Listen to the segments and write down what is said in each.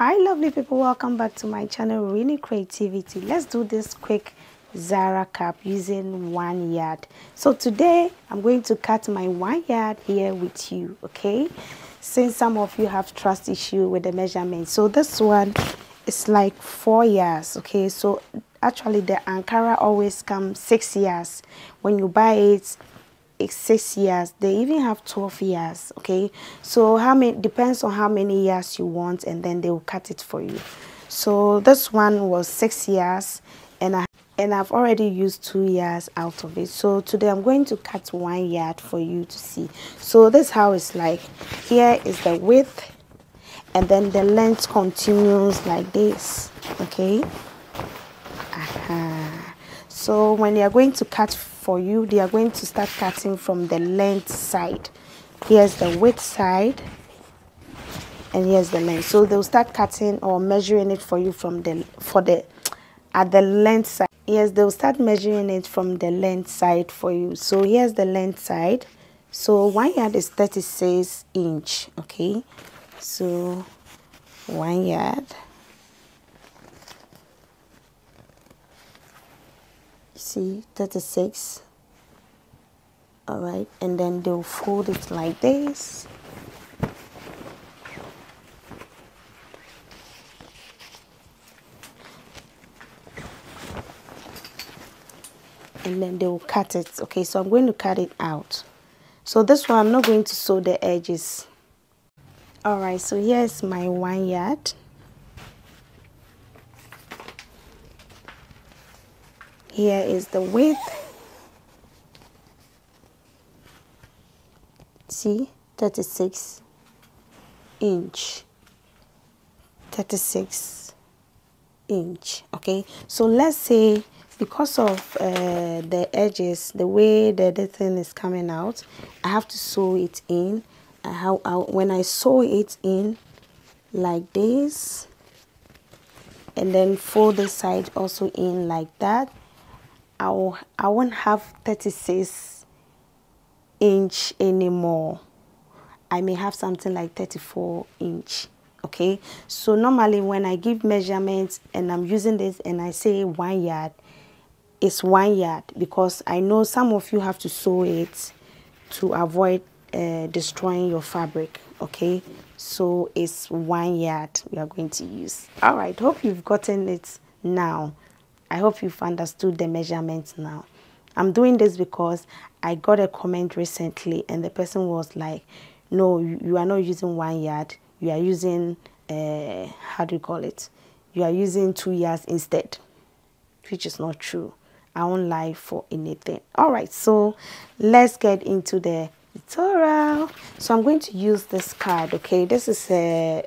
hi lovely people welcome back to my channel really creativity let's do this quick zara cap using one yard so today i'm going to cut my one yard here with you okay since some of you have trust issue with the measurement so this one is like four yards okay so actually the ankara always comes six yards when you buy it six years they even have 12 years okay so how many depends on how many years you want and then they will cut it for you so this one was six years and i and i've already used two years out of it so today i'm going to cut one yard for you to see so this how it's like here is the width and then the length continues like this okay uh -huh so when they are going to cut for you they are going to start cutting from the length side here's the width side and here's the length so they'll start cutting or measuring it for you from the for the at the length side yes they'll start measuring it from the length side for you so here's the length side so one yard is 36 inch okay so one yard see 36 all right and then they'll fold it like this and then they will cut it okay so i'm going to cut it out so this one i'm not going to sew the edges all right so here's my one yard here is the width see 36 inch 36 inch okay so let's say because of uh, the edges the way that the thing is coming out I have to sew it in how when I sew it in like this and then fold the side also in like that I'll, I won't have 36 inch anymore. I may have something like 34 inch okay so normally when I give measurements and I'm using this and I say one yard it's one yard because I know some of you have to sew it to avoid uh, destroying your fabric okay so it's one yard we are going to use all right hope you've gotten it now I hope you've understood the measurements now. I'm doing this because I got a comment recently and the person was like, no, you are not using one yard. You are using, uh, how do you call it? You are using two yards instead, which is not true. I won't lie for anything. All right, so let's get into the tutorial. So I'm going to use this card, okay? This is a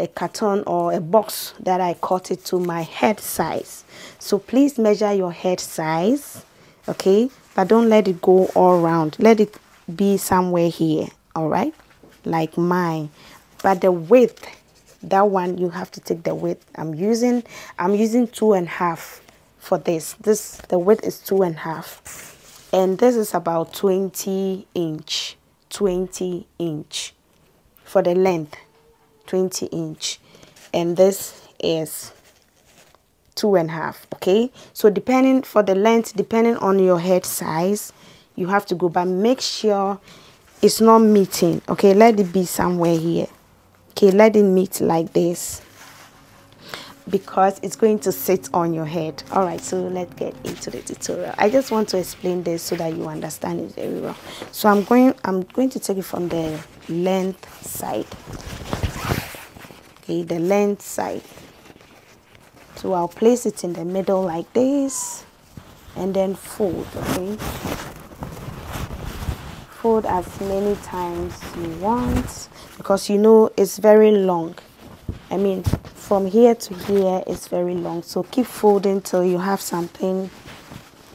a carton or a box that I cut it to my head size. So please measure your head size, okay? But don't let it go all round. Let it be somewhere here, all right? Like mine. But the width, that one, you have to take the width. I'm using, I'm using two and a half for this. This, the width is two and a half. And this is about 20 inch, 20 inch for the length. 20 inch and this is two and a half okay so depending for the length depending on your head size you have to go but make sure it's not meeting okay let it be somewhere here okay let it meet like this because it's going to sit on your head all right so let's get into the tutorial i just want to explain this so that you understand it very well so i'm going i'm going to take it from the length side okay the length side so I'll place it in the middle like this and then fold okay fold as many times you want because you know it's very long I mean from here to here it's very long so keep folding till you have something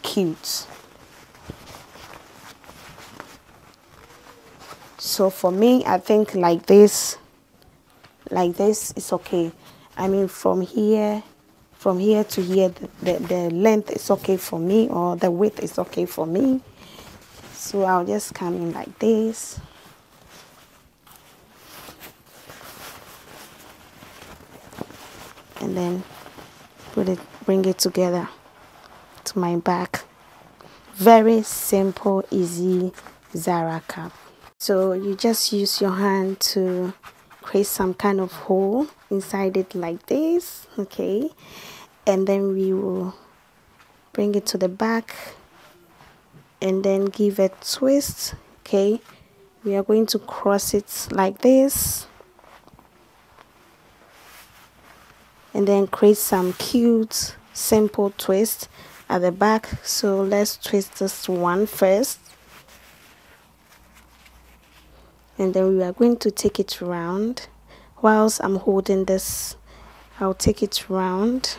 cute so for me I think like this like this it's okay i mean from here from here to here the, the, the length is okay for me or the width is okay for me so i'll just come in like this and then put it bring it together to my back very simple easy zara cap so you just use your hand to create some kind of hole inside it like this okay and then we will bring it to the back and then give a twist okay we are going to cross it like this and then create some cute simple twist at the back so let's twist this one first and then we are going to take it round whilst I'm holding this I'll take it round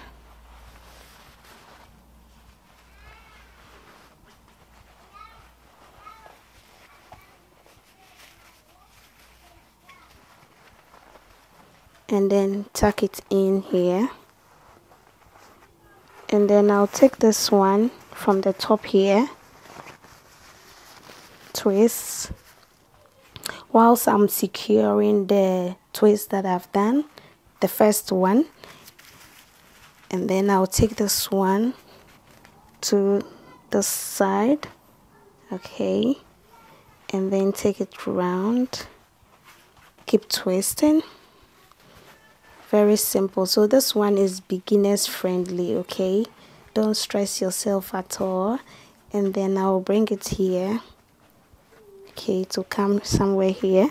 and then tuck it in here and then I'll take this one from the top here twist whilst I'm securing the twist that I've done the first one and then I'll take this one to the side okay and then take it round keep twisting very simple so this one is beginners friendly okay don't stress yourself at all and then I'll bring it here okay to come somewhere here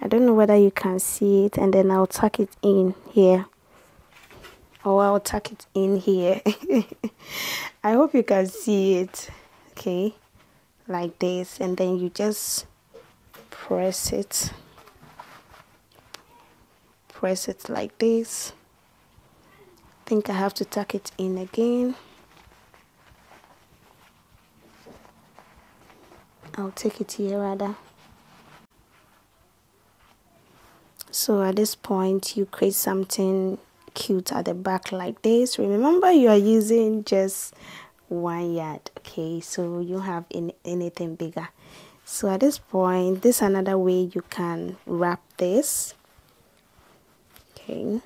I don't know whether you can see it and then I'll tuck it in here or I'll tuck it in here I hope you can see it okay like this and then you just press it press it like this I think I have to tuck it in again I'll take it here rather. So at this point, you create something cute at the back like this. Remember, you are using just one yard, okay? So you have in anything bigger. So at this point, this another way you can wrap this, okay?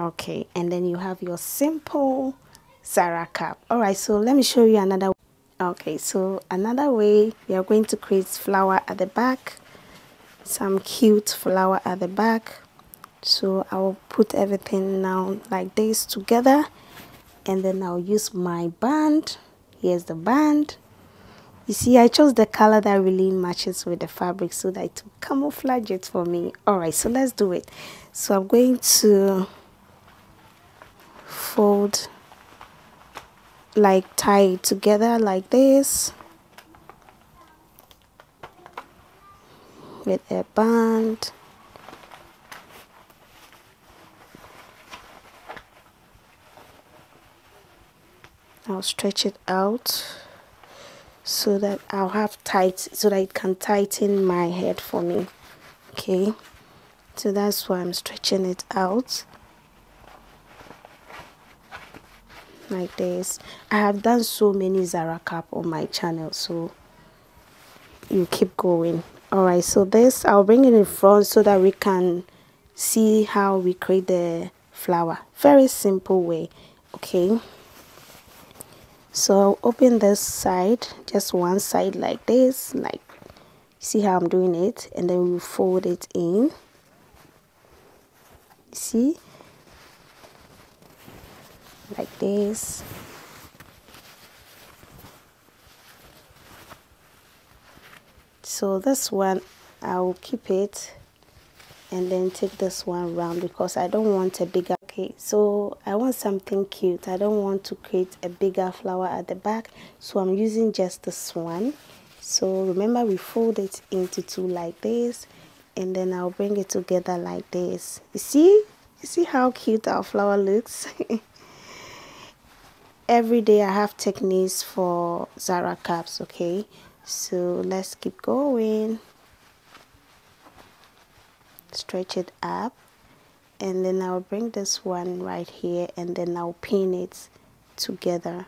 okay and then you have your simple Sarah cap all right so let me show you another okay so another way we are going to create flower at the back some cute flower at the back so I'll put everything now like this together and then I'll use my band here's the band you see I chose the color that really matches with the fabric so that it will camouflage it for me all right so let's do it so I'm going to fold like tie it together like this with a band I'll stretch it out so that I'll have tight so that it can tighten my head for me okay so that's why I'm stretching it out like this i have done so many zara cap on my channel so you keep going all right so this i'll bring it in front so that we can see how we create the flower very simple way okay so open this side just one side like this like see how i'm doing it and then we fold it in see like this so this one I'll keep it and then take this one round because I don't want a bigger okay so I want something cute I don't want to create a bigger flower at the back so I'm using just this one so remember we fold it into two like this and then I'll bring it together like this you see you see how cute our flower looks every day I have techniques for Zara caps okay so let's keep going stretch it up and then I'll bring this one right here and then I'll pin it together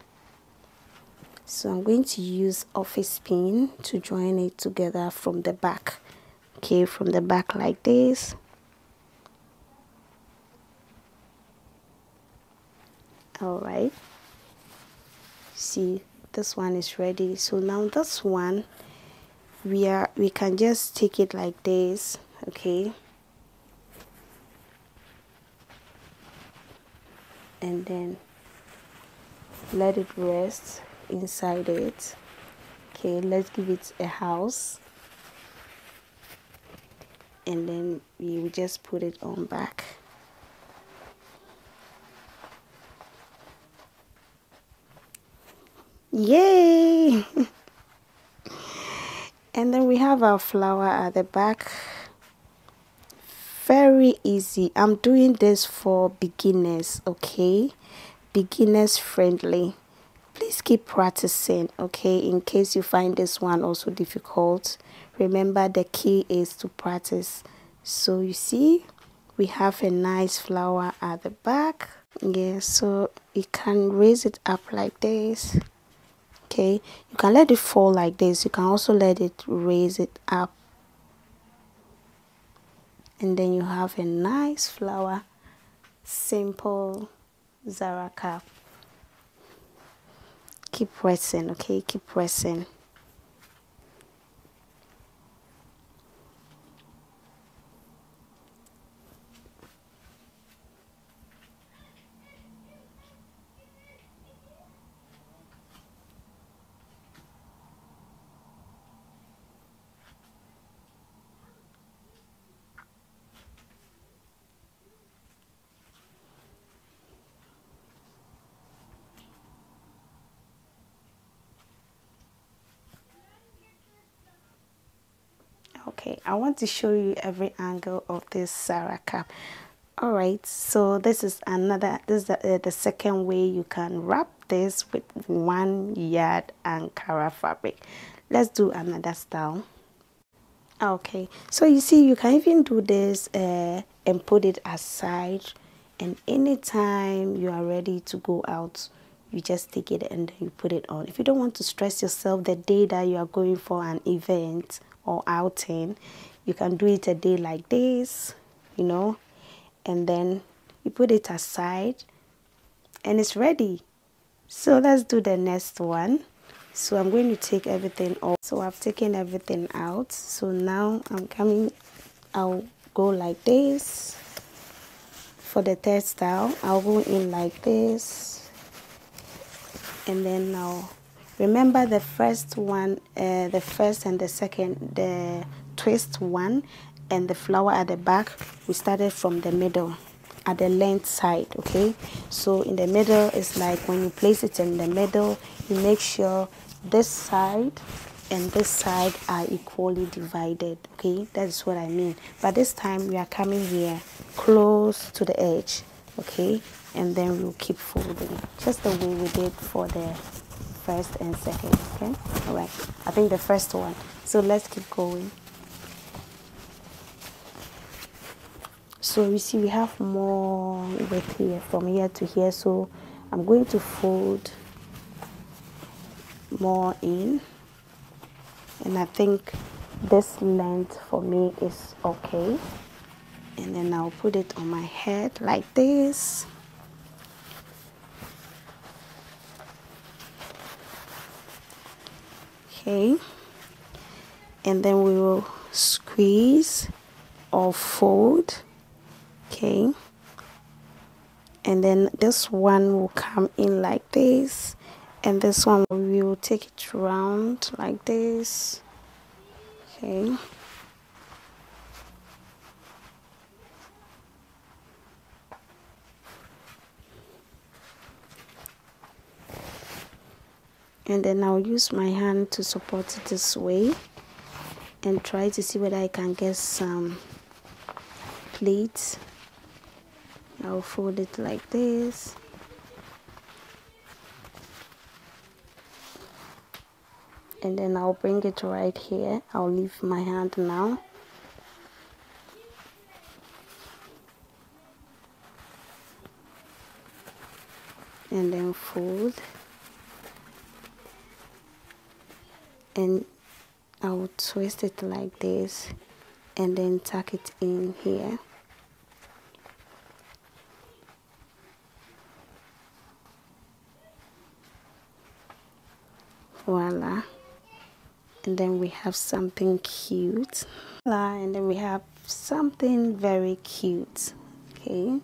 so I'm going to use office pin to join it together from the back okay from the back like this all right see this one is ready so now this one we are we can just take it like this okay and then let it rest inside it okay let's give it a house and then we will just put it on back Yay! and then we have our flower at the back. Very easy. I'm doing this for beginners, okay? Beginners friendly. Please keep practicing, okay? In case you find this one also difficult, remember the key is to practice. So you see, we have a nice flower at the back. Yeah, so you can raise it up like this okay you can let it fall like this you can also let it raise it up and then you have a nice flower simple zara cap keep pressing okay keep pressing okay i want to show you every angle of this sarah cap all right so this is another this is the, uh, the second way you can wrap this with one yard ankara fabric let's do another style okay so you see you can even do this uh, and put it aside and anytime you are ready to go out you just take it and you put it on. If you don't want to stress yourself the day that you are going for an event or outing, you can do it a day like this, you know, and then you put it aside and it's ready. So let's do the next one. So I'm going to take everything off. So I've taken everything out. So now I'm coming, I'll go like this. For the textile, I'll go in like this and then now remember the first one uh, the first and the second the twist one and the flower at the back we started from the middle at the length side okay so in the middle is like when you place it in the middle you make sure this side and this side are equally divided okay that is what i mean but this time we are coming here close to the edge okay and then we'll keep folding just the way we did for the first and second okay all right i think the first one so let's keep going so you see we have more width here from here to here so i'm going to fold more in and i think this length for me is okay and then I'll put it on my head like this okay and then we will squeeze or fold okay and then this one will come in like this and this one we will take it round like this okay and then I'll use my hand to support it this way and try to see whether I can get some plates I'll fold it like this and then I'll bring it right here I'll leave my hand now and then fold and I will twist it like this and then tuck it in here voila and then we have something cute and then we have something very cute okay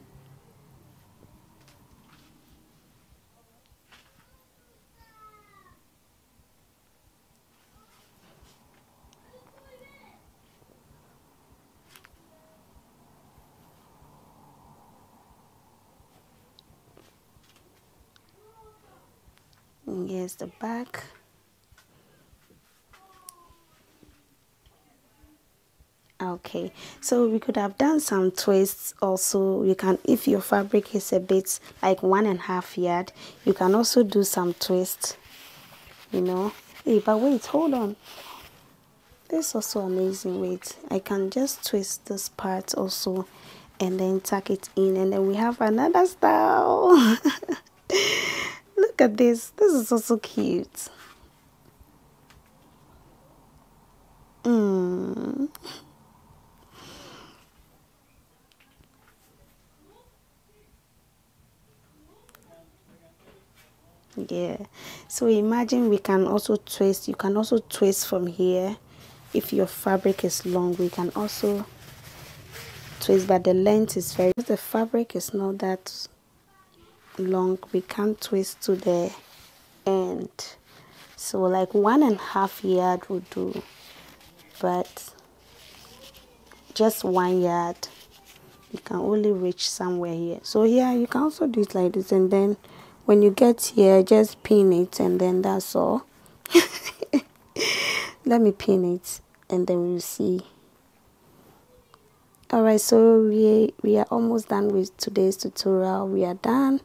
the back okay so we could have done some twists also you can if your fabric is a bit like one and a half yard you can also do some twists you know hey but wait hold on this is also amazing wait i can just twist this part also and then tuck it in and then we have another style Look at this. This is also cute. Mm. yeah so imagine we can also twist you can also twist from here if your fabric is long we can also twist but the length is very the fabric is not that long we can't twist to the end so like one and a half yard would do but just one yard you can only reach somewhere here so here you can also do it like this and then when you get here just pin it and then that's all let me pin it and then we'll see alright so we we are almost done with today's tutorial we are done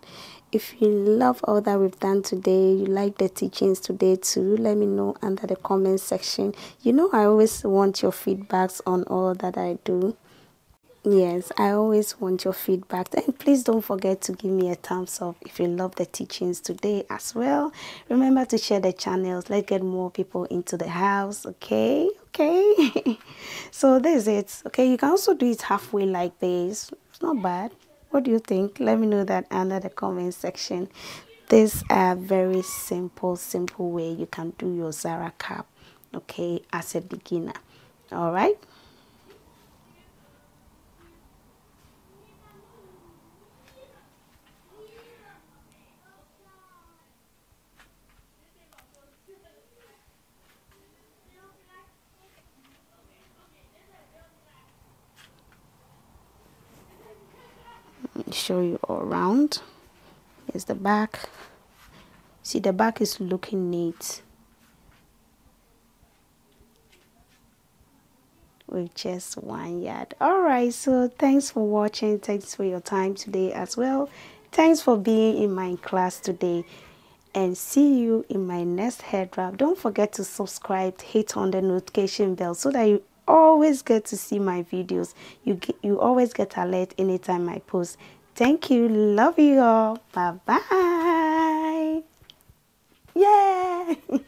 if you love all that we've done today you like the teachings today too let me know under the comment section you know i always want your feedbacks on all that i do yes i always want your feedback and please don't forget to give me a thumbs up if you love the teachings today as well remember to share the channels let's get more people into the house okay okay so this it okay you can also do it halfway like this it's not bad what do you think let me know that under the comment section these a very simple simple way you can do your zara cap okay as a beginner all right Let me show you all around. Here's the back. See, the back is looking neat. with just one yard all right so thanks for watching thanks for your time today as well thanks for being in my class today and see you in my next hair drop don't forget to subscribe hit on the notification bell so that you always get to see my videos. You, get, you always get alert anytime I post. Thank you. Love you all. Bye-bye. Yeah.